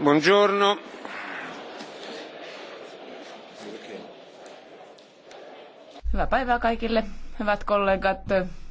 Buongiorno. Hyvää päivää kaikille, hyvät kollegat.